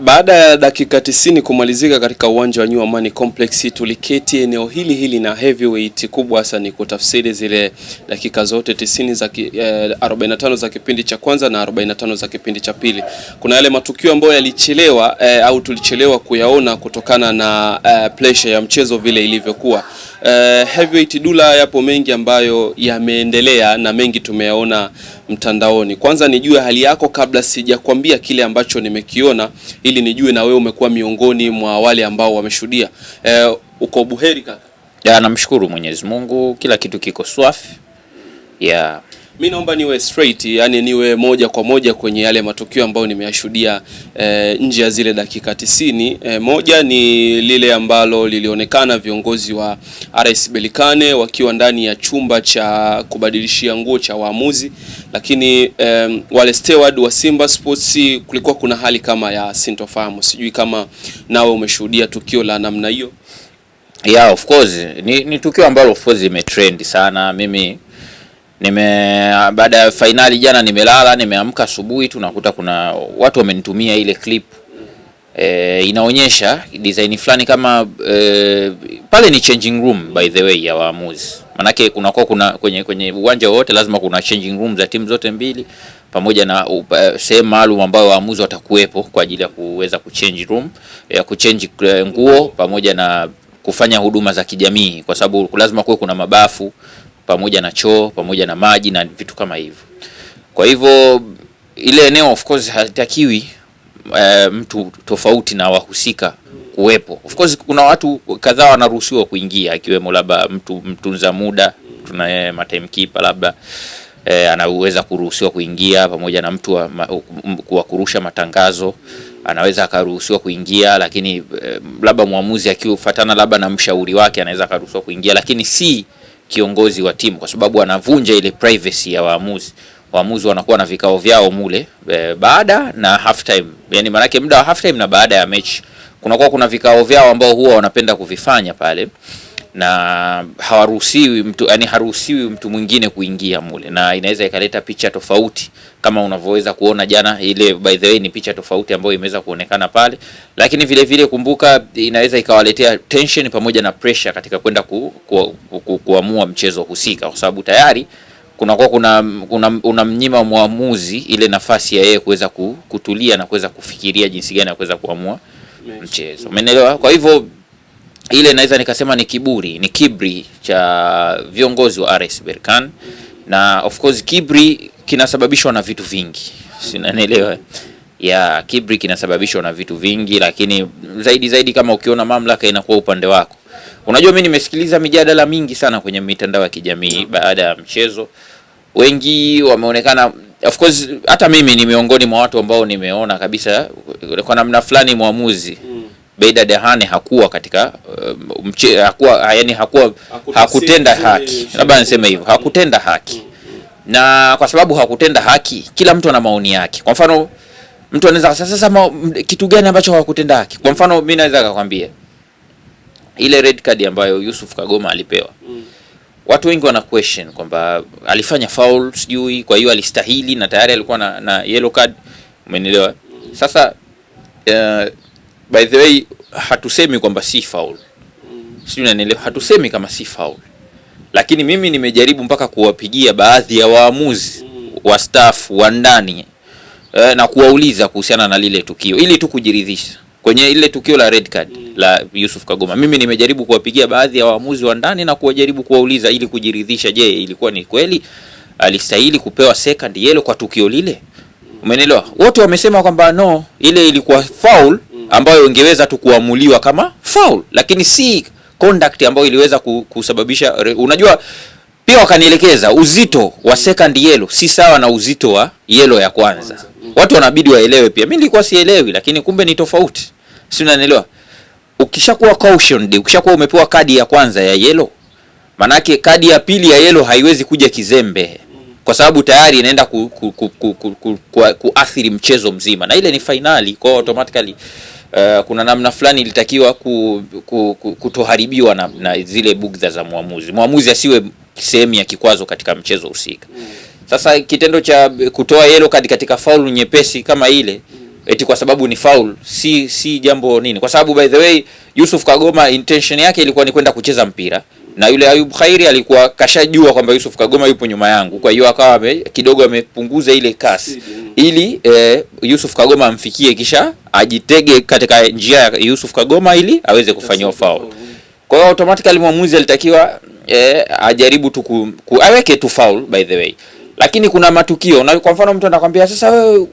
Baada ya dakika 90 kumalizika katika uwanja wa New Amani Complex, tuliketi eneo hili hili na Heavyweight, kubwa hasa ni kutafsiri zile dakika zote 90 za ki, eh, 45 za kipindi cha kwanza na 45 za kipindi cha pili. Kuna yale matukio ambayo yalichelewa eh, au tulichelewa kuyaona kutokana na eh, pressure ya mchezo vile ilivyokuwa uh, Heavyweight Dulla, yapo mengi ambayo yameendelea na mengi tumeyaona mtandaoni. Kwanza nijue hali yako kabla sijakwambia kile ambacho nimekiona, ili nijue na wewe umekuwa miongoni mwa wale ambao wameshuhudia. Uh, uko buheri kaka? Ya, namshukuru Mwenyezi Mungu, kila kitu kiko swafi ya Mi naomba niwe straight, yani niwe moja kwa moja kwenye yale matukio ambayo nimeyashuhudia e, nje ya zile dakika tisini. E, moja ni lile ambalo lilionekana viongozi wa RS Berkane wakiwa ndani ya chumba cha kubadilishia nguo cha waamuzi, lakini e, wale steward wa Simba Sports kulikuwa kuna hali kama ya sintofahamu. Sijui kama nawe umeshuhudia tukio la namna hiyo? Yeah, of course ni, ni tukio ambalo of course imetrend sana mimi nime baada ya fainali jana nimelala, nimeamka asubuhi tu nakuta kuna watu wamenitumia ile clip e, inaonyesha design fulani kama e, pale ni changing room by the way ya waamuzi, manake kunakuwa kuna kwenye kwenye uwanja wote lazima kuna changing room za timu zote mbili pamoja na uh, sehemu maalum ambayo waamuzi watakuwepo kwa ajili ya kuweza kuchange room ya kuchange e, nguo pamoja na kufanya huduma za kijamii, kwa sababu lazima kuwe kuna mabafu pamoja na choo pamoja na maji na vitu kama hivyo. Kwa hivyo ile eneo of course hatakiwi e, eh, mtu tofauti na wahusika kuwepo. Of course kuna watu kadhaa wanaruhusiwa kuingia, akiwemo labda mtu mtunza muda, tuna timekeeper labda E, anaweza kuruhusiwa kuingia pamoja na mtu wa, wa kurusha matangazo anaweza akaruhusiwa kuingia, lakini e, labda mwamuzi akiufatana labda na mshauri wake anaweza akaruhusiwa kuingia, lakini si kiongozi wa timu, kwa sababu anavunja ile privacy ya waamuzi. Waamuzi wanakuwa na vikao vyao mule e, baada na half time, yani maanake muda wa half time na baada ya mechi kunakuwa kuna vikao vyao ambao huwa wanapenda kuvifanya pale na hawaruhusiwi mtu yani, haruhusiwi mtu mwingine kuingia mule, na inaweza ikaleta picha tofauti kama unavyoweza kuona jana. Ile by the way ni picha tofauti ambayo imeweza kuonekana pale, lakini vile vile kumbuka, inaweza ikawaletea tension pamoja na pressure katika kwenda ku, ku, ku, ku, kuamua mchezo husika, kwa sababu tayari kunakuwa kuna unamnyima mwamuzi ile nafasi ya yeye kuweza kutulia na kuweza kufikiria jinsi gani ya kuweza kuamua mchezo, umeelewa? Kwa hivyo ile naweza nikasema ni kiburi, ni kibri cha viongozi wa RS berkan na of course kibri kinasababishwa na vitu vingi, sinanielewa ya kibri kinasababishwa na vitu vingi, lakini zaidi zaidi kama ukiona mamlaka inakuwa upande wako. Unajua, mimi nimesikiliza mijadala mingi sana kwenye mitandao ya kijamii baada ya mchezo, wengi wameonekana of course, hata mimi ni miongoni mwa watu ambao nimeona kabisa kwa namna fulani mwamuzi Beida Dehane hakuwa katika um, hakuwa, yani hakuwa hakutenda haki, labda niseme hivyo, hakutenda haki. Na kwa sababu hakutenda haki, kila mtu ana maoni yake. Kwa mfano mtu anaweza sasa, sasa ma, kitu gani ambacho hakutenda haki? Kwa mfano mimi naweza kukwambia ile red card ambayo Yusuf Kagoma alipewa mm. Watu wengi wana question kwamba alifanya foul sijui, kwa hiyo alistahili, na tayari alikuwa na, na yellow card. Umenielewa? Sasa uh, by the way, hatusemi kwamba si faul, sijui unanielewa, hatusemi kama si faul, lakini mimi nimejaribu mpaka kuwapigia baadhi ya waamuzi wa staff wa ndani eh, na kuwauliza kuhusiana na lile tukio ili tu kujiridhisha kwenye ile tukio la red card mm. la Yusuf Kagoma, mimi nimejaribu kuwapigia baadhi ya waamuzi wa ndani na kuwajaribu kuwauliza ili kujiridhisha, je, ilikuwa ni kweli alistahili kupewa second yellow kwa tukio lile? Umeelewa? Wote wamesema kwamba no, ile ilikuwa foul ambayo ingeweza tu kuamuliwa kama foul, lakini si conduct ambayo iliweza kusababisha. Unajua, pia wakanielekeza uzito wa second yellow si sawa na uzito wa yellow ya kwanza. Watu wanabidi waelewe pia. Mimi nilikuwa sielewi, lakini kumbe ni tofauti, si unanielewa? Ukishakuwa cautioned, ukishakuwa umepewa kadi ya kwanza ya yellow, manake kadi ya pili ya yellow haiwezi kuja kizembe kwa sababu tayari inaenda ku, ku, ku, ku, ku, ku, ku, kuathiri mchezo mzima, na ile ni fainali kwao automatically uh, kuna namna fulani ilitakiwa ku, ku, ku, kutoharibiwa na, na zile bugdha za mwamuzi. Mwamuzi asiwe sehemu ya kikwazo katika mchezo husika. Sasa kitendo cha kutoa yellow card katika faul nyepesi kama ile eti kwa sababu ni faul si si jambo nini, kwa sababu by the way Yusuf Kagoma intention yake ilikuwa ni kwenda kucheza mpira na yule Ayub Khairi alikuwa kashajua kwamba Yusuf Kagoma yupo nyuma yangu, kwa hiyo akawa kidogo amepunguza ile kasi ili e, Yusuf Kagoma amfikie, kisha ajitege katika njia ya Yusuf Kagoma ili aweze kufanyiwa faul. Kwa hiyo automatically mwamuzi alitakiwa e, ajaribu tu ku, aweke tu faul by the way, lakini kuna matukio na, kwa mfano mtu anakwambia sasa wewe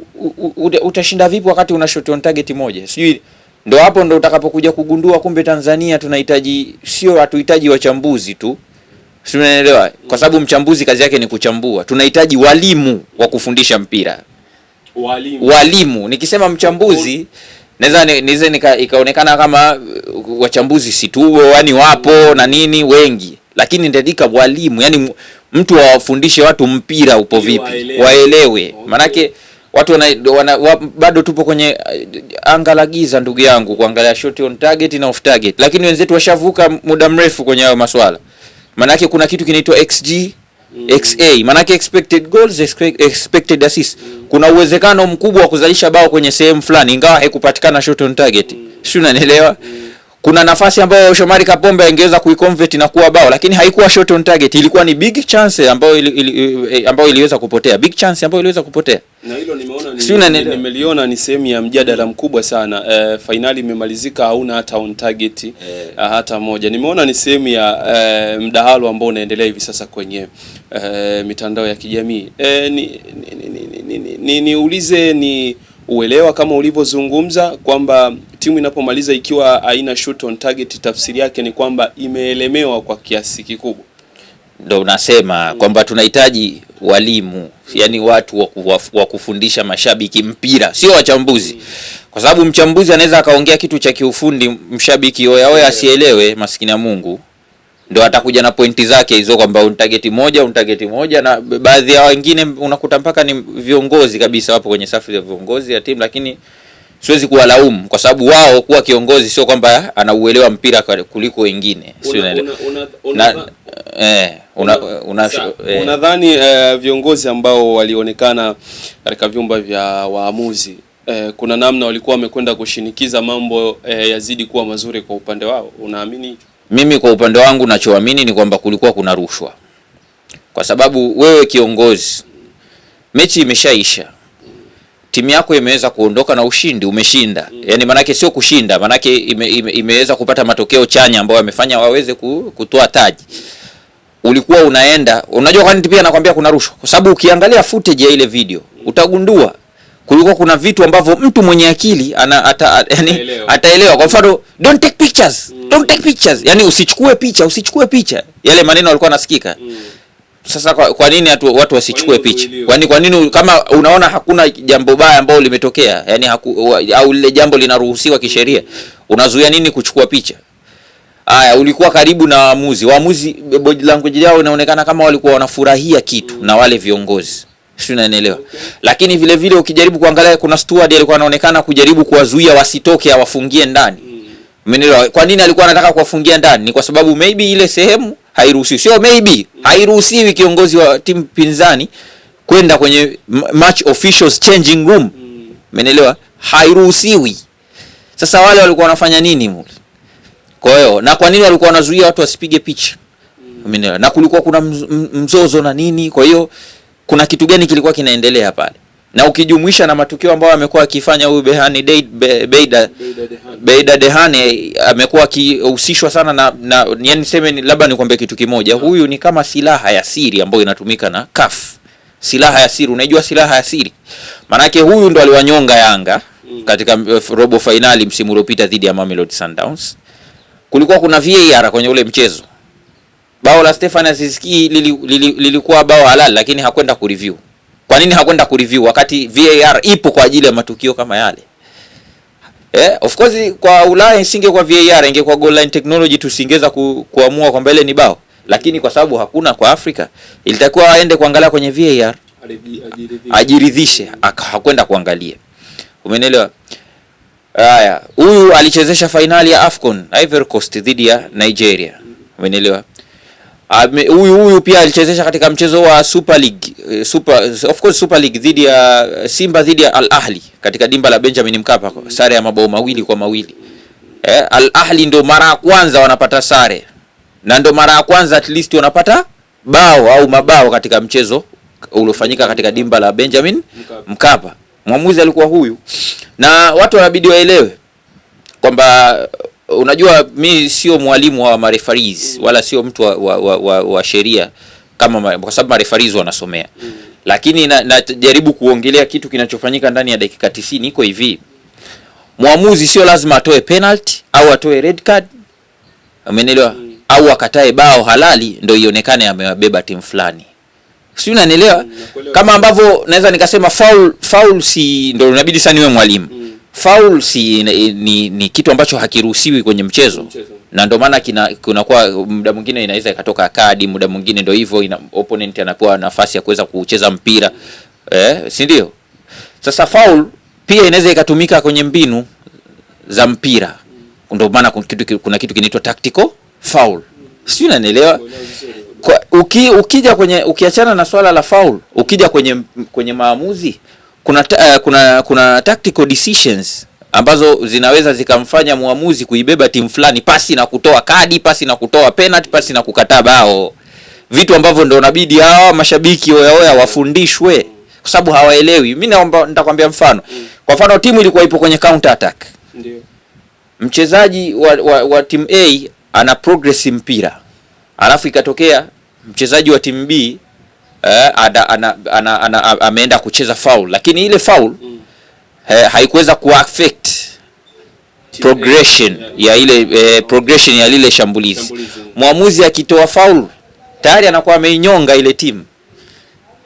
utashinda vipi wakati una shot on target moja sijui Ndo hapo ndo utakapokuja kugundua kumbe Tanzania tunahitaji, sio hatuhitaji wachambuzi tu, tunaelewa, kwa sababu mchambuzi kazi yake ni kuchambua. Tunahitaji walimu wa kufundisha mpira, walimu, walimu. Nikisema mchambuzi naweza nika, ikaonekana kama uh, wachambuzi si tu, yani wapo na nini wengi, lakini ndedika walimu, yani mtu awafundishe watu mpira upo vipi, waelewe, waelewe. Manake watu wana, wana wa, bado tupo kwenye uh, anga la giza ndugu yangu, kuangalia shot on target na off target, lakini wenzetu washavuka muda mrefu kwenye hayo maswala. Maanake kuna kitu kinaitwa xg mm. xa, maanake expected goals, expected assist mm. kuna uwezekano mkubwa wa kuzalisha bao kwenye sehemu fulani, ingawa haikupatikana shot on target mm. sio, unanielewa mm kuna nafasi ambayo Shomari Kapombe angeweza kuiconvert na kuwa bao, lakini haikuwa shot on target, ilikuwa ni big chance ambayo ili, ili, eh, eh, ambayo iliweza kupotea, big chance ambayo iliweza kupotea. Na hilo nimeona ni, nimeliona ni sehemu ya mjadala mkubwa sana e, eh, fainali imemalizika, hauna hata on target e, hata moja. Nimeona ni sehemu ya e, mdahalo ambao unaendelea hivi sasa kwenye e, mitandao ya kijamii e, niulize ni, ni, ni, ni, ni, ni, ni uelewa kama ulivyozungumza kwamba timu inapomaliza ikiwa haina shot on target, tafsiri yake ni kwamba imeelemewa kwa kiasi kikubwa. Ndio unasema mm. kwamba tunahitaji walimu, yani watu wa kufundisha mashabiki mpira, sio wachambuzi mm. kwa sababu mchambuzi anaweza akaongea kitu cha kiufundi, mshabiki oya oya mm. asielewe, maskini ya Mungu ndio atakuja na pointi zake hizo kwamba untageti moja untageti moja, na baadhi ya wengine unakuta mpaka ni viongozi kabisa, wapo kwenye safu ya viongozi ya timu lakini siwezi kuwalaumu kwa sababu wao kuwa kiongozi sio kwamba anauelewa mpira kuliko wengine, sio unadhani eh, viongozi ambao walionekana katika vyumba vya waamuzi eh, kuna namna walikuwa wamekwenda kushinikiza mambo eh, yazidi kuwa mazuri kwa upande wao, unaamini hicho? Mimi kwa upande wangu nachoamini ni kwamba kulikuwa kuna rushwa, kwa sababu wewe kiongozi, mechi imeshaisha timu yako imeweza kuondoka na ushindi, umeshinda mm. Yani maanake sio kushinda, maanake ime, ime, imeweza kupata matokeo chanya ambayo yamefanya waweze kutoa taji ulikuwa unaenda unajua, nini pia nakwambia kuna rushwa, kwa sababu ukiangalia footage ya ile video utagundua kulikuwa kuna vitu ambavyo mtu mwenye akili ana ata, yani, ataelewa. Kwa mfano, don't take pictures, mm. don't take pictures, yani usichukue picha, usichukue picha, yale maneno yalikuwa nasikika. Mm. Sasa kwa, kwa nini atu, watu wasichukue picha? Kwani kwa nini kama unaona hakuna jambo baya ambalo limetokea, yani haku, wa, au lile jambo linaruhusiwa kisheria, unazuia nini kuchukua picha? Aya, ulikuwa karibu na waamuzi. Waamuzi body language yao inaonekana kama walikuwa wanafurahia kitu mm, na wale viongozi. Sio, unanielewa? Okay. Lakini vile vile ukijaribu kuangalia kuna steward alikuwa anaonekana kujaribu kuwazuia wasitoke awafungie ndani. Mm. Kwa nini alikuwa anataka kuwafungia ndani? Ni kwa sababu maybe ile sehemu hairuhusiwi, sio maybe, hairuhusiwi kiongozi wa timu pinzani kwenda kwenye match officials changing room, umeelewa? Hairuhusiwi. Sasa wale walikuwa wanafanya nini mule? Kwa hiyo na kwa nini walikuwa wanazuia watu wasipige picha? Umeelewa? Na kulikuwa kuna mzozo na nini, kwa hiyo kuna kitu gani kilikuwa kinaendelea pale? na ukijumuisha na matukio ambayo amekuwa akifanya huyu Behani Be, Beida, Beida Dehane amekuwa akihusishwa sana na, na yani ni, labda nikwambie kitu kimoja, huyu ni kama silaha ya siri ambayo inatumika na CAF. Silaha ya siri, unaijua silaha ya siri? Maanake huyu ndo aliwanyonga Yanga katika eh, robo fainali msimu uliopita dhidi ya Mamelodi Sundowns. Kulikuwa kuna VAR kwenye ule mchezo, bao la Stefan Aziz Ki lilikuwa lili, lili bao halali, lakini hakwenda kureview kwa nini hakwenda kureview wakati VAR ipo kwa ajili ya matukio kama yale? Yeah, of course kwa Ulaya isinge kwa VAR, ingekuwa goal line technology tusingeza ku, kuamua kwamba ile ni bao. Lakini kwa sababu hakuna kwa Afrika, ilitakiwa aende kuangalia kwenye VAR ajiridhishe, hakwenda kuangalia. Umenielewa? Haya, huyu alichezesha fainali ya AFCON Ivory Coast dhidi ya Nigeria. Umenielewa? huyu huyu pia alichezesha katika mchezo wa Super League, eh, Super, of course Super League dhidi ya eh, Simba dhidi ya Al Ahli katika dimba la Benjamin Mkapa, sare ya mabao mawili kwa mawili. Eh, Al Ahli ndo mara ya kwanza wanapata sare na ndo mara ya kwanza at least wanapata bao au mabao katika mchezo uliofanyika katika dimba la Benjamin Mkapa, Mkapa. Mwamuzi alikuwa huyu na watu wanabidi waelewe kwamba unajua mi sio mwalimu wa marefaris mm. wala sio mtu wa, wa, wa, wa, wa sheria kama kwa sababu marefaris wanasomea mm. Lakini najaribu na kuongelea kitu kinachofanyika ndani ya dakika 90 iko hivi. Mwamuzi sio lazima atoe penalty au atoe red card, amenelewa mm. Au akatae bao halali ndio ionekane amewabeba timu fulani, si unanielewa? mm, kama ambavyo naweza nikasema foul, foul si ndio inabidi sana niwe mwalimu mm faul si ni, ni, ni kitu ambacho hakiruhusiwi kwenye mchezo, mchezo. Na ndio maana kunakuwa muda mwingine inaweza ikatoka kadi, muda mwingine ndio hivyo, opponent anapewa nafasi ya kuweza kucheza mpira eh, si ndio? Sasa faul pia inaweza ikatumika kwenye mbinu za mpira, ndio maana kuna kitu kinaitwa tactical foul, sio? Unanielewa? Uki, ukija kwenye ukiachana na swala la faul ukija kwenye kwenye maamuzi kuna, uh, kuna, kuna tactical decisions ambazo zinaweza zikamfanya mwamuzi kuibeba timu fulani pasi na kutoa kadi, pasi na kutoa penalty, pasi na kukataa bao, vitu ambavyo ndio nabidi hawa mashabiki oya wafundishwe kwa sababu hawaelewi. Mimi naomba nitakwambia mfano. Kwa mfano timu ilikuwa ipo kwenye counter attack, Ndiyo. mchezaji wa, wa, wa timu A ana progress mpira, alafu ikatokea mchezaji wa timu B eh, ada, ana, ana, ana, ana, ameenda kucheza foul, lakini ile foul mm. eh, haikuweza kuaffect progression ya ile eh, progression ya lile shambulizi, shambulizi. Mwamuzi akitoa faulu tayari anakuwa ameinyonga ile timu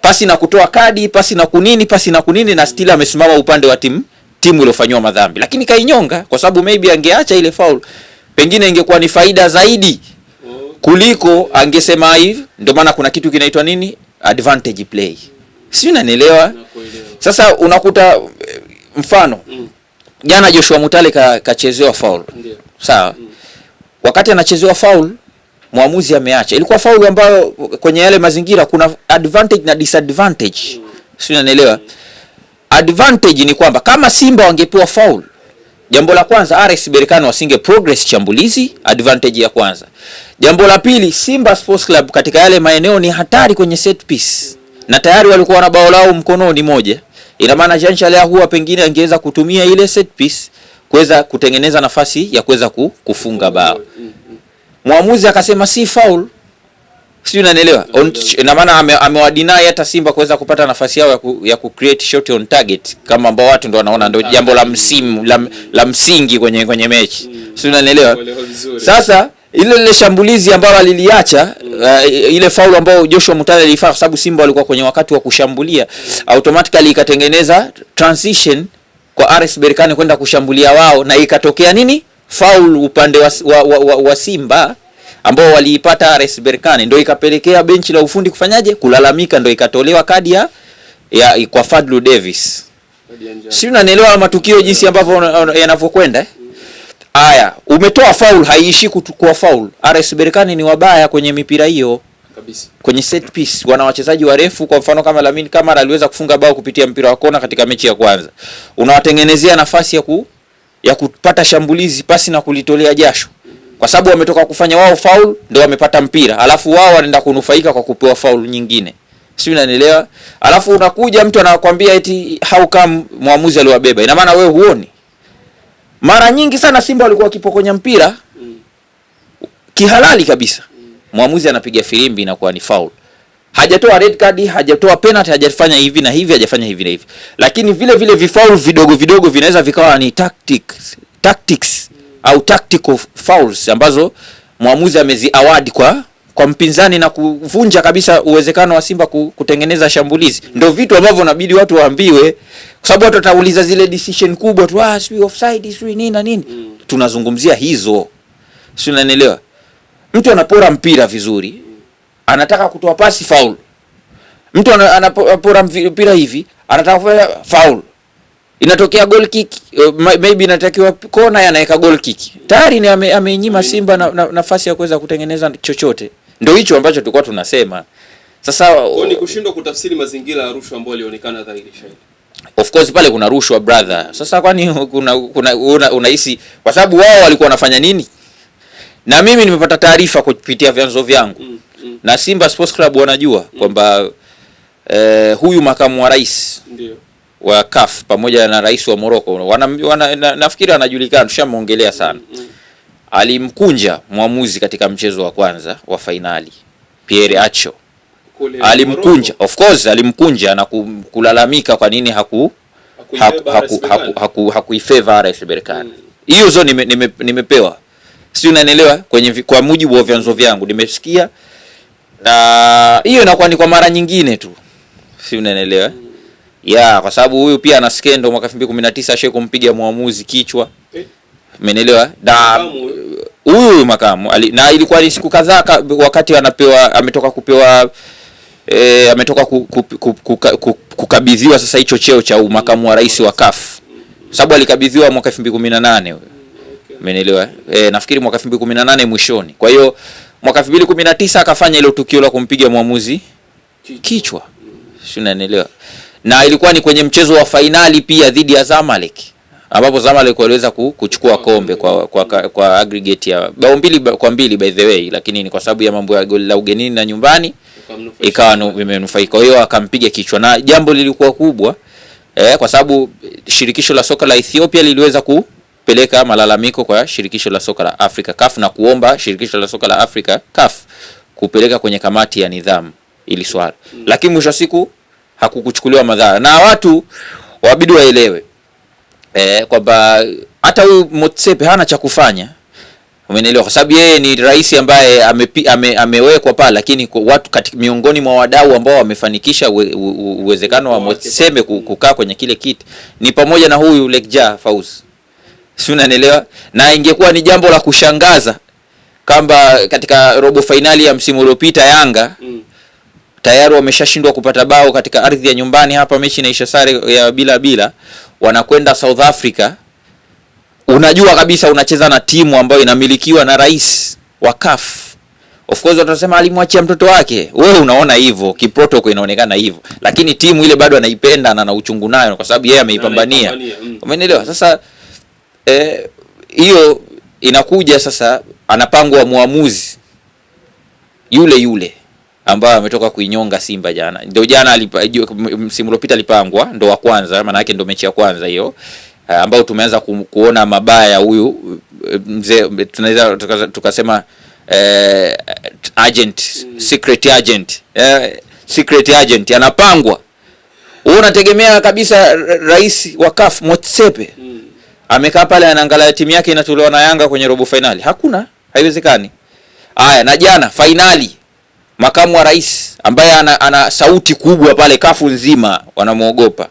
pasi na kutoa kadi pasi na kunini pasi na kunini na stila amesimama upande wa timu timu iliyofanywa madhambi, lakini kainyonga kwa sababu maybe angeacha ile faul pengine ingekuwa ni faida zaidi oh. kuliko angesema hivi. Ndio maana kuna kitu kinaitwa nini advantage play, si unanielewa. Sasa unakuta eh, mfano mm. jana Joshua Mutale kachezewa ka foul sawa mm. wakati anachezewa foul mwamuzi ameacha, ilikuwa faul ambayo kwenye yale mazingira kuna advantage na disadvantage mm. si unanielewa mm. advantage ni kwamba kama Simba wangepewa faulu Jambo la kwanza RS berikano wasinge progress shambulizi, advantage ya kwanza. Jambo la pili, Simba Sports Club katika yale maeneo ni hatari kwenye set piece, na tayari walikuwa na bao lao mkononi moja. Ina maana Jean chalea huwa pengine angeweza kutumia ile set piece kuweza kutengeneza nafasi ya kuweza kufunga bao. Mwamuzi akasema si faul, sijui unanielewa, na maana amewadinai hata Simba kuweza kupata nafasi yao ya, ku, ya ku create shot on target kama ambao watu ndo wanaona ndo jambo la msimu la, la msingi kwenye kwenye mechi mm. sijui unanielewa. Sasa ile ile shambulizi ambalo aliliacha mm. uh, ile faulu ambayo Joshua Mutale alifanya kwa sababu Simba walikuwa kwenye wakati wa kushambulia, mm. automatically ikatengeneza transition kwa RS Berkane kwenda kushambulia wao na ikatokea nini, faulu upande wa, wa, wa, wa, wa Simba ambao waliipata RS Berkane, ndio ikapelekea benchi la ufundi kufanyaje, kulalamika, ndio ikatolewa kadi ya, ya kwa Fadlu Davis. Si unanielewa matukio jinsi ambavyo yanavyokwenda eh? Haya, umetoa faul, haiishi kuwa faul. RS Berkane ni wabaya kwenye mipira hiyo kabisa. Kwenye set piece wana wachezaji warefu, kwa mfano kama Lamin Kamara aliweza kufunga bao kupitia mpira wa kona katika mechi ya kwanza. Unawatengenezea nafasi ya ku, ya kupata shambulizi pasi na kulitolea jasho kwa sababu wametoka kufanya wao faul ndio wamepata mpira, alafu wao wanaenda kunufaika kwa kupewa faul nyingine, sio? Unanielewa? Alafu unakuja mtu anakwambia eti how come mwamuzi aliwabeba? Ina maana wewe huoni? Mara nyingi sana Simba walikuwa wakipokonya mpira kihalali kabisa, mwamuzi anapiga filimbi, inakuwa ni faul hajatoa red card, hajatoa penalty, hajafanya hivi na hivi, hajafanya hivi na hivi, lakini vile vile vifaulu vidogo vidogo vinaweza vikawa ni tactics, tactics au tactical fouls ambazo mwamuzi amezi award kwa kwa mpinzani na kuvunja kabisa uwezekano wa Simba kutengeneza shambulizi. Ndio vitu ambavyo nabidi watu waambiwe, kwa sababu watu watauliza zile decision kubwa tu, ah, sijui offside, sijui nini na nini. Mm. Tunazungumzia hizo, si unanielewa? Mtu anapora mpira vizuri, anataka kutoa pasi, faul. Mtu anapora mpira hivi, anataka kufanya faul inatokea goal kick uh, maybe inatakiwa kona, yanaweka goal kick tayari ni amenyima ame Simba na, na, nafasi ya kuweza kutengeneza chochote. Ndio hicho ambacho tulikuwa tunasema sasa uh, ni kushindwa kutafsiri mazingira ya rushwa ambayo ilionekana dhahiri shahidi. Of course pale kuna rushwa brother. Sasa kwani kuna kuna unahisi una kwa sababu wao walikuwa wanafanya nini? Na mimi nimepata taarifa kupitia vyanzo vyangu mm, mm. na Simba Sports Club wanajua mm. kwamba eh, huyu makamu wa rais ndio wa CAF pamoja na rais wa Morocco wana, wana, na, nafikiri anajulikana, tushamuongelea sana. Mm, mm. Alimkunja mwamuzi katika mchezo wa kwanza wa fainali Pierre Acho alimkunja, of course alimkunja na kulalamika kwa nini haku hakuifeva haku, haku, haku, haku RS Berkane mm. hiyo mm. zo nime, nime, nimepewa si unanielewa, kwenye kwa mujibu wa vyanzo vyangu nimesikia, na hiyo inakuwa ni kwa mara nyingine tu, si unanielewa mm ya kwa sababu huyu pia ana skendo mwaka 2019 ashe kumpiga mwamuzi kichwa eh. Umeelewa da huyu makamu ali, na ilikuwa ni siku kadhaa wakati anapewa ametoka kupewa e, ametoka ku, ku, ku, ku, ku, ku, kukabidhiwa sasa hicho cheo cha makamu wa rais wa CAF sababu alikabidhiwa mwaka 2018 huyo umeelewa e, eh, nafikiri mwaka 2018 mwishoni. Kwa hiyo mwaka 2019 akafanya ile tukio la kumpiga mwamuzi kichwa, si unaelewa na ilikuwa ni kwenye mchezo wa fainali pia dhidi ya Zamalek ambapo Zamalek waliweza kuchukua kombe kwa, kwa, kwa aggregate ya bao mbili kwa mbili by the way, lakini ni kwa sababu ya mambo ya goli la ugenini na nyumbani ikawa imenufaika. Kwa hiyo akampiga kichwa na jambo lilikuwa kubwa eh, kwa sababu shirikisho la soka la Ethiopia liliweza kupeleka malalamiko kwa shirikisho la soka la Afrika CAF na kuomba shirikisho la soka la Afrika CAF kupeleka kwenye kamati ya nidhamu ili swala, lakini mwisho siku hakukuchukuliwa madhara, na watu wabidi waelewe eh, kwamba hata huyu Motsepe hana cha kufanya, umenielewa? Kwa sababu yeye ni rais ambaye amepi, ame, amewekwa pale, lakini watu kati, miongoni mwa wadau ambao wamefanikisha uwezekano wa Motsepe kukaa kwenye kile kiti ni pamoja na huyu lekja Faus, si unanielewa? Na ingekuwa ni jambo la kushangaza kamba katika robo fainali ya msimu uliopita Yanga mm tayari wameshashindwa kupata bao katika ardhi ya nyumbani hapa, mechi inaisha sare ya bila bila, wanakwenda South Africa. Unajua kabisa unacheza na timu ambayo inamilikiwa na rais wa CAF. Of course watasema alimwachia mtoto wake. Wewe unaona hivyo, kiprotoko inaonekana hivyo. Lakini timu ile bado anaipenda na ana uchungu nayo kwa sababu yeye ameipambania. Mm. Umeelewa? Sasa eh, hiyo eh, inakuja sasa anapangwa mwamuzi yule yule ambayo ametoka kuinyonga Simba jana. Ndio jana alipa, msimu uliopita alipangwa ndo wa kwanza, maana yake ndo mechi ya kwanza hiyo eh, ambayo tumeanza ku, kuona mabaya huyu eh, mzee, tunaweza tukasema eh, agent mm. secret agent eh, secret agent anapangwa. Wewe unategemea kabisa rais wa CAF Motsepe mm. amekaa pale anaangalia timu yake inatolewa na Yanga kwenye robo finali? Hakuna, haiwezekani. Haya, na jana finali makamu wa rais ambaye ana, ana sauti kubwa pale kafu nzima wanamwogopa.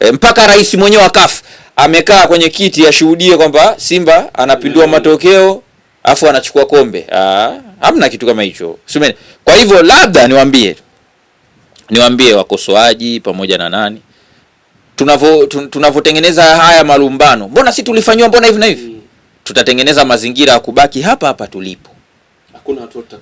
E, mpaka rais mwenyewe wa kafu amekaa kwenye kiti ashuhudie kwamba Simba anapindua mm. matokeo afu anachukua kombe. Ah, hamna kitu kama hicho. Sumeni. Kwa hivyo labda niwambie niwambie wakosoaji pamoja na nani tunavyo tunavyotengeneza haya malumbano, mbona si tulifanywa, mbona hivi na hivi, mm. tutatengeneza mazingira ya kubaki hapa hapa tulipo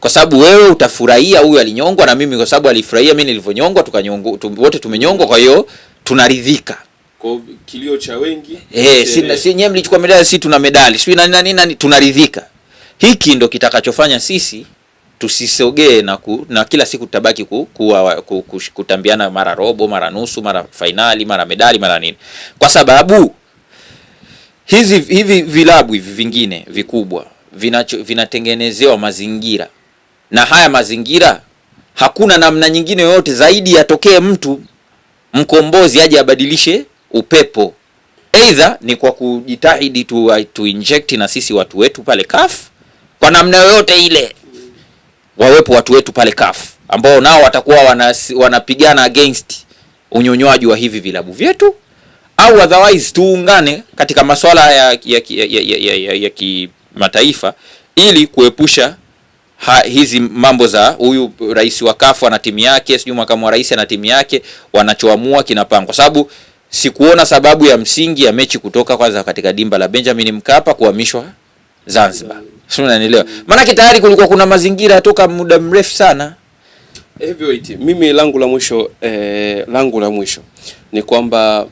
kwa sababu wewe utafurahia huyu alinyongwa na mimi, kwa sababu alifurahia mimi nilivyonyongwa, tukanyongwa wote, tumenyongwa. Kwa hiyo tunaridhika kwa kilio cha wengi eh, si si nyewe mlichukua medali, si tuna medali, si nani nani nani, tunaridhika. Hiki ndo kitakachofanya sisi tusisogee na, ku, na kila siku tutabaki ku, kuwa, ku, ku, kutambiana mara robo mara nusu mara fainali mara medali mara nini, kwa sababu hizi hivi vilabu hivi vingine vikubwa vinacho vinatengenezewa mazingira, na haya mazingira hakuna namna nyingine yoyote zaidi yatokee mtu mkombozi aje abadilishe upepo, aidha ni kwa kujitahidi tu, uh, tu inject na sisi watu wetu pale CAF kwa namna yoyote ile, wawepo watu wetu pale CAF ambao nao watakuwa wanapigana against unyonywaji wa hivi vilabu vyetu, au otherwise tuungane katika masuala ya, ya, ya, ya, ya, ya, ya, ya, ya, ya, ya mataifa ili kuepusha ha, hizi mambo za huyu rais wa kafu ana timu yake, sijui makamu wa rais ana timu yake, wanachoamua kinapangwa, sababu sikuona sababu ya msingi ya mechi kutoka kwanza katika dimba la Benjamin Mkapa kuhamishwa Zanzibar. Sio, unanielewa? Maanake tayari kulikuwa kuna mazingira toka muda mrefu sana. Heavyweight, mimi langu la mwisho eh, langu la mwisho ni kwamba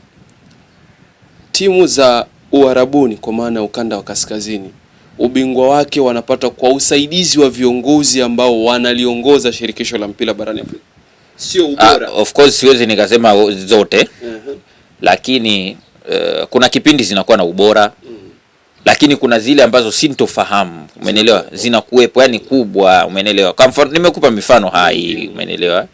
timu za Uarabuni kwa maana ukanda wa kaskazini ubingwa wake wanapata kwa usaidizi wa viongozi ambao wanaliongoza shirikisho la mpira barani Afrika. Sio ah, ubora. Uh, of course siwezi nikasema zote uh -huh. Lakini uh, kuna kipindi zinakuwa na ubora uh mm. -huh. Lakini kuna zile ambazo sintofahamu, umeelewa, zinakuwepo yani kubwa, umeelewa. Kwa mfano nimekupa mifano hai, mm. umeelewa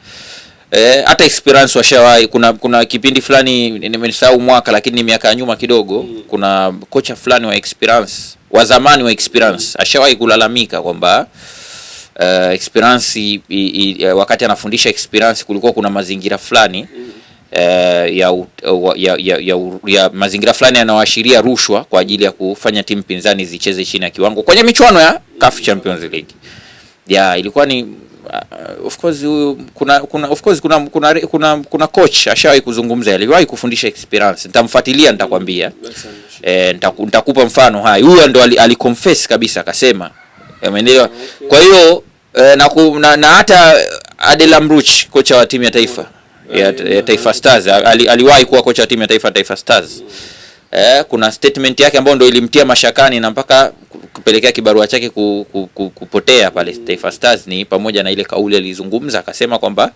eh, hata experience washawahi. Kuna kuna kipindi fulani nimesahau mwaka, lakini ni miaka ya nyuma kidogo, mm. kuna kocha fulani wa experience wa zamani wa Experience ashawahi kulalamika kwamba uh, Experience i, i, i, wakati anafundisha Experience kulikuwa kuna mazingira fulani uh, ya, ya, ya, ya, ya, ya mazingira fulani yanayoashiria rushwa kwa ajili ya kufanya timu pinzani zicheze chini ya kiwango kwenye michuano ya CAF Champions League. Yeah, ilikuwa ni uh, of course huyu kuna kuna of course kuna kuna kuna, kuna coach ashawahi kuzungumza, aliwahi kufundisha Experience. Nitamfuatilia, nitakwambia. E, nitakupa mfano hai, huyo ndo aliconfess kabisa akasema, umeelewa? Kwa hiyo e, na, na hata Adel kocha wa timu ya taifa ya, ya Taifa Stars ali, aliwahi kuwa kocha wa timu ya taifa Taifa Stars e, kuna statement yake ambayo ndo ilimtia mashakani na mpaka kupelekea kibarua chake ku, ku, ku, kupotea pale Taifa Stars, ni pamoja na ile kauli alizungumza akasema kwamba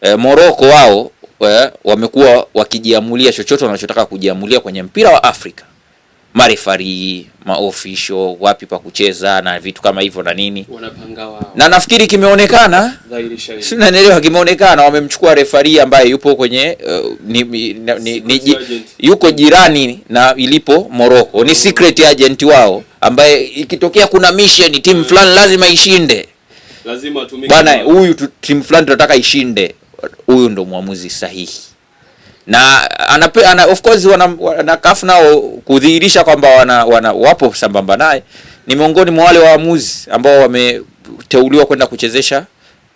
e, Morocco wao Eh, wamekuwa wakijiamulia chochote wanachotaka kujiamulia kwenye mpira wa Afrika, marefari, maofisho, wapi pa kucheza na vitu kama hivyo na nini, na nafikiri kimeonekana, sinanielewa, kimeonekana wamemchukua refari ambaye yupo kwenye uh, ni, ni, ni, ni, yuko jirani na ilipo Morocco, ni secret agent wao ambaye ikitokea kuna mission timu eh. fulani lazima ishinde, lazima tumike bwana, huyu timu fulani tunataka ishinde huyu ndo mwamuzi sahihi na anape, ana, of course wana, wana CAF nao kudhihirisha kwamba wana, wana wapo sambamba naye, ni miongoni mwa wale waamuzi ambao wameteuliwa kwenda kuchezesha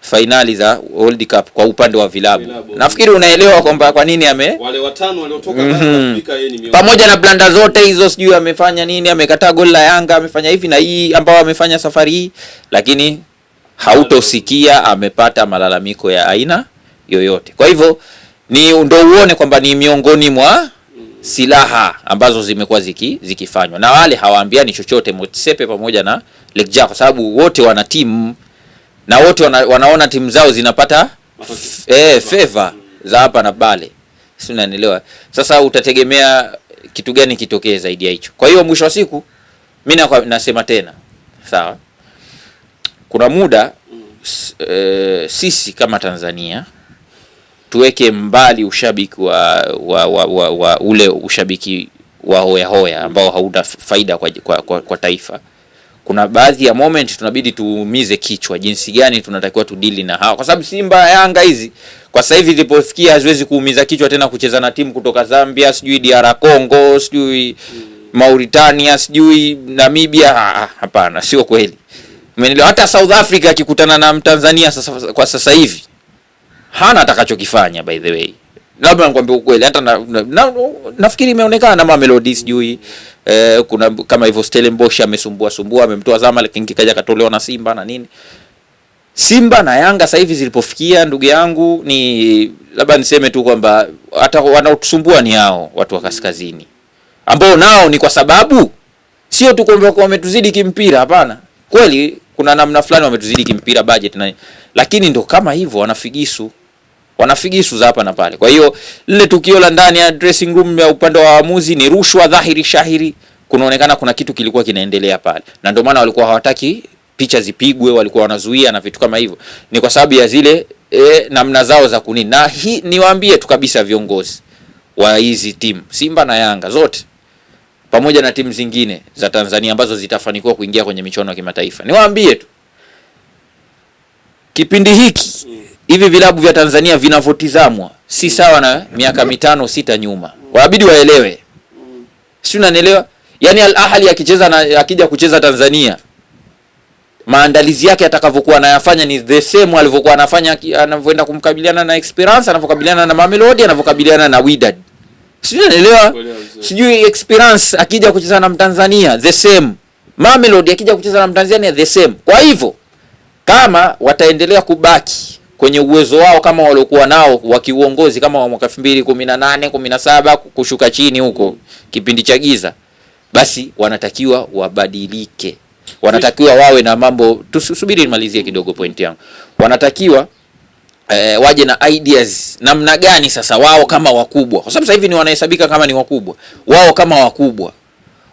fainali za World Cup kwa upande wa vilabu. Nafikiri unaelewa kwamba kwa nini ame wale watano waliotoka mm -hmm. Afrika pamoja na blanda zote hizo, sijui amefanya nini, amekataa goli la Yanga, amefanya hivi na hii ambao amefanya safari hii, lakini hautosikia amepata malalamiko ya aina yoyote. Kwa hivyo ni ndo uone kwamba ni miongoni mwa silaha ambazo zimekuwa ziki, zikifanywa na wale hawaambiani chochote Motsepe pamoja na Lekja, kwa sababu wote wana timu na wote wana, wanaona timu zao zinapata eh, favor za hapa na pale, si unanielewa? Sasa utategemea kitu gani kitokee zaidi ya hicho? Kwa hiyo mwisho wa siku mimi nasema tena, sawa, kuna muda e, sisi kama Tanzania tuweke mbali ushabiki wa, wa, wa, wa, wa ule ushabiki wa hoya hoya ambao hauna faida kwa, kwa, kwa, kwa taifa. Kuna baadhi ya moment tunabidi tuumize kichwa jinsi gani tunatakiwa tudili na hawa, kwa sababu Simba Yanga hizi kwa sasa hivi ilipofikia haziwezi kuumiza kichwa tena kucheza na timu kutoka Zambia, sijui DR Congo, sijui Mauritania, sijui Namibia. Ah, ah, hapana, sio kweli, Hata South Africa akikutana na Mtanzania sasa, kwa sasa hivi hana atakachokifanya by the way, labda nikwambia ukweli, hata na, na, na, nafikiri imeonekana na Mamelodi sijui eh, kuna kama hivyo Stellenbosch amesumbua sumbua, amemtoa Zamalek kingi kaja katolewa na Simba na nini. Simba na Yanga sasa hivi zilipofikia, ndugu yangu, ni labda niseme tu kwamba hata wanaotusumbua ni hao watu wa kaskazini ambao nao ni kwa sababu sio tu kwamba wametuzidi kimpira. Hapana, kweli kuna namna fulani wametuzidi kimpira budget na, lakini ndo kama hivyo wanafigisu wanafigisu hapa na pale. Kwa hiyo lile tukio la ndani ya dressing room ya upande wa waamuzi ni rushwa dhahiri shahiri, kunaonekana kuna kitu kilikuwa kinaendelea pale, na ndio maana walikuwa hawataki picha zipigwe, walikuwa wanazuia na vitu kama hivyo, ni kwa sababu ya zile e, namna zao za kunini. Na hii niwaambie tu kabisa, viongozi wa hizi timu Simba na Yanga zote pamoja na timu zingine za Tanzania ambazo zitafanikiwa kuingia kwenye michuano ya kimataifa, niwaambie tu kipindi hiki hivi vilabu vya Tanzania vinavyotizamwa si sawa na miaka mitano sita nyuma, wabidi waelewe, si unanielewa? Yani Al Ahli akicheza na akija kucheza Tanzania, maandalizi yake atakavyokuwa anayafanya ni the same alivyokuwa anafanya anavyoenda kumkabiliana na Experience, anavyokabiliana na Mamelodi, anavyokabiliana na Wydad, si unanielewa? Sijui Experience akija kucheza na Mtanzania the same, Mamelodi akija kucheza na Mtanzania the same. Kwa hivyo kama wataendelea kubaki kwenye uwezo wao kama waliokuwa nao wa kiuongozi kama wa mwaka 2018 17 kushuka chini huko kipindi cha giza, basi wanatakiwa wabadilike, wanatakiwa wawe na mambo. Tusubiri nimalizie kidogo point yangu. Wanatakiwa eh, waje na ideas namna gani sasa wao kama wakubwa, kwa sababu sasa hivi ni wanahesabika kama ni wakubwa. Wao kama wakubwa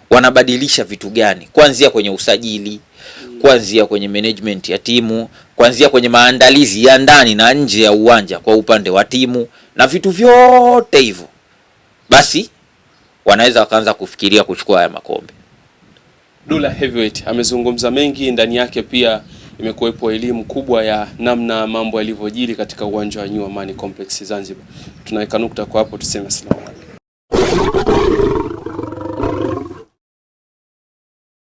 wanabadilisha vitu gani, kuanzia kwenye usajili, kuanzia kwenye management ya timu, kuanzia kwenye maandalizi ya ndani na nje ya uwanja kwa upande wa timu na vitu vyote hivyo, basi wanaweza wakaanza kufikiria kuchukua haya makombe. Dula Heavyweight amezungumza mengi, ndani yake pia imekuwepo elimu kubwa ya namna mambo yalivyojiri katika uwanja wa New Amani Complex Zanzibar. Tunaweka nukta kwa hapo, tuseme asalamu alaykum.